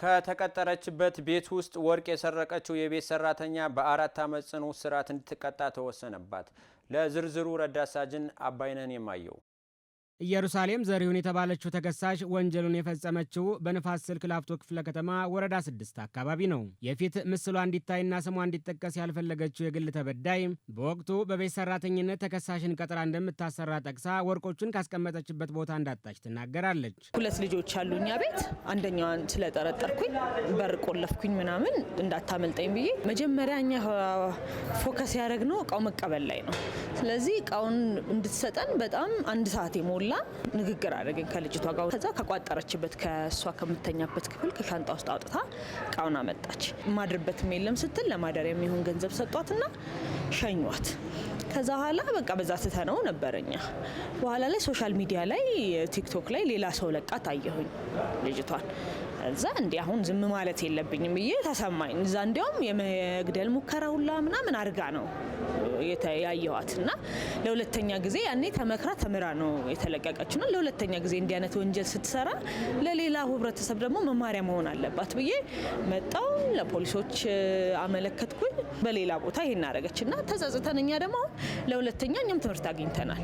ከተቀጠረችበት ቤት ውስጥ ወርቅ የሰረቀችው የቤት ሰራተኛ በአራት ዓመት ጽኑ እስራት እንድትቀጣ ተወሰነባት። ለዝርዝሩ ረዳት ሳጅን አባይነን የማየው ኢየሩሳሌም ዘሪሁን የተባለችው ተከሳሽ ወንጀሉን የፈጸመችው በንፋስ ስልክ ላፍቶ ክፍለ ከተማ ወረዳ ስድስት አካባቢ ነው። የፊት ምስሏ እንዲታይና ስሟ እንዲጠቀስ ያልፈለገችው የግል ተበዳይ በወቅቱ በቤት ሰራተኝነት ተከሳሽን ቀጥራ እንደምታሰራ ጠቅሳ ወርቆቹን ካስቀመጠችበት ቦታ እንዳጣች ትናገራለች። ሁለት ልጆች ያሉ እኛ ቤት አንደኛዋን ስለጠረጠርኩኝ በር ቆለፍኩኝ ምናምን እንዳታመልጠኝ ብዬ መጀመሪያ እኛ ፎከስ ያደረግነው እቃው መቀበል ላይ ነው። ስለዚህ እቃውን እንድትሰጠን በጣም አንድ ሰዓት የሞላ ሁላ ንግግር አደረግን ከልጅቷ ጋር። ከዛ ከቋጠረችበት ከእሷ ከምተኛበት ክፍል ከሻንጣ ውስጥ አውጥታ እቃውን አመጣች። ማድርበትም የለም ስትል ለማደሪያ የሚሆን ገንዘብ ሰጧትና ሸኟት። ከዛ በኋላ በቃ በዛ ትተነው ነበረኛ። በኋላ ላይ ሶሻል ሚዲያ ላይ ቲክቶክ ላይ ሌላ ሰው ለቃ ታየሁኝ ልጅቷን። እዛ እንዲ አሁን ዝም ማለት የለብኝም ብዬ ተሰማኝ። እዛ እንዲያውም የመግደል ሙከራ ሁላ ምናምን አድርጋ ነው ያየኋት እና ለሁለተኛ ጊዜ ያኔ ተመክራ ተምራ ነው የተለቀቀችው። እና ለሁለተኛ ጊዜ እንዲህ አይነት ወንጀል ስትሰራ ለሌላ ህብረተሰብ ደግሞ መማሪያ መሆን አለባት ብዬ መጣው ለፖሊሶች አመለከትኩኝ። በሌላ ቦታ ይሄን አረገች እና ተጸጽተን እኛ ደግሞ አሁን ለሁለተኛ እኛም ትምህርት አግኝተናል።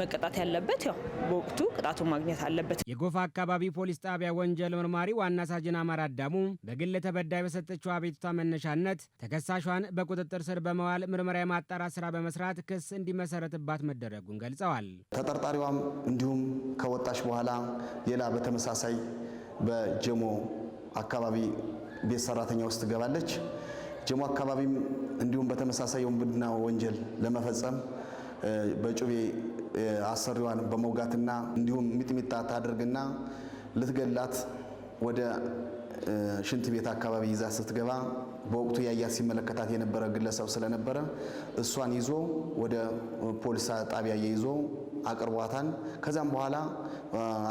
መቀጣት ያለበት ያው በወቅቱ ቅጣቱ ማግኘት አለበት። የጎፋ አካባቢ ፖሊስ ጣቢያ ወንጀል መርማሪ ዋና ሳጅን አማራ አዳሙ በግል ተበዳይ በሰጠችው አቤቱታ መነሻነት ተከሳሿን በቁጥጥር ስር በመዋል ምርመራ የማጣራት የማጥራት ስራ በመስራት ክስ እንዲመሰረትባት መደረጉን ገልጸዋል። ተጠርጣሪዋም እንዲሁም ከወጣች በኋላ ሌላ በተመሳሳይ በጀሞ አካባቢ ቤት ሰራተኛ ውስጥ ትገባለች። ጀሞ አካባቢም እንዲሁም በተመሳሳይ የውንብድና ወንጀል ለመፈጸም በጩቤ አሰሪዋን በመውጋትና እንዲሁም ሚጥሚጣ ታደርግና ልትገላት ወደ ሽንት ቤት አካባቢ ይዛ ስትገባ በወቅቱ ያያ ሲመለከታት የነበረ ግለሰብ ስለነበረ እሷን ይዞ ወደ ፖሊስ ጣቢያ ይዞ አቅርቧታን። ከዚያም በኋላ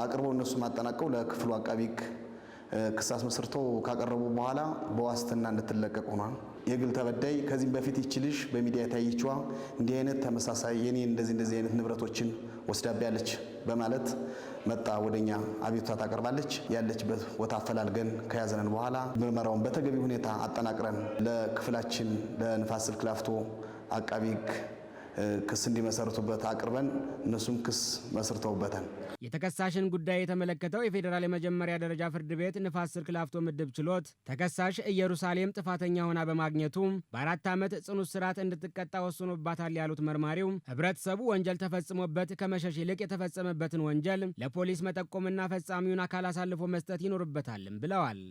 አቅርበው እነሱ ማጠናቀው ለክፍሉ አቃቢ ክሳስ መስርቶ ካቀረቡ በኋላ በዋስትና እንድትለቀቅ ሆኗል። የግል ተበዳይ ከዚህም በፊት ይችልሽ በሚዲያ የታየችዋ እንዲህ አይነት ተመሳሳይ የኔ እንደዚህ እንደዚህ አይነት ንብረቶችን ወስዳቢያለች በማለት መጣ ወደኛ አቤቱታ ታቀርባለች። ያለችበት ቦታ አፈላልገን ከያዘነን በኋላ ምርመራውን በተገቢ ሁኔታ አጠናቅረን ለክፍላችን ለንፋስ ስልክ ላፍቶ አቃቢ ሕግ ክስ እንዲመሰርቱበት አቅርበን እነሱም ክስ መስርተውበታል። የተከሳሽን ጉዳይ የተመለከተው የፌዴራል የመጀመሪያ ደረጃ ፍርድ ቤት ንፋስ ስልክ ላፍቶ ምድብ ችሎት ተከሳሽ ኢየሩሳሌም ጥፋተኛ ሆና በማግኘቱ በአራት ዓመት ጽኑ እስራት እንድትቀጣ ወስኖባታል ያሉት መርማሪው ህብረተሰቡ ወንጀል ተፈጽሞበት ከመሸሽ ይልቅ የተፈጸመበትን ወንጀል ለፖሊስ መጠቆምና ፈጻሚውን አካል አሳልፎ መስጠት ይኖርበታልም ብለዋል።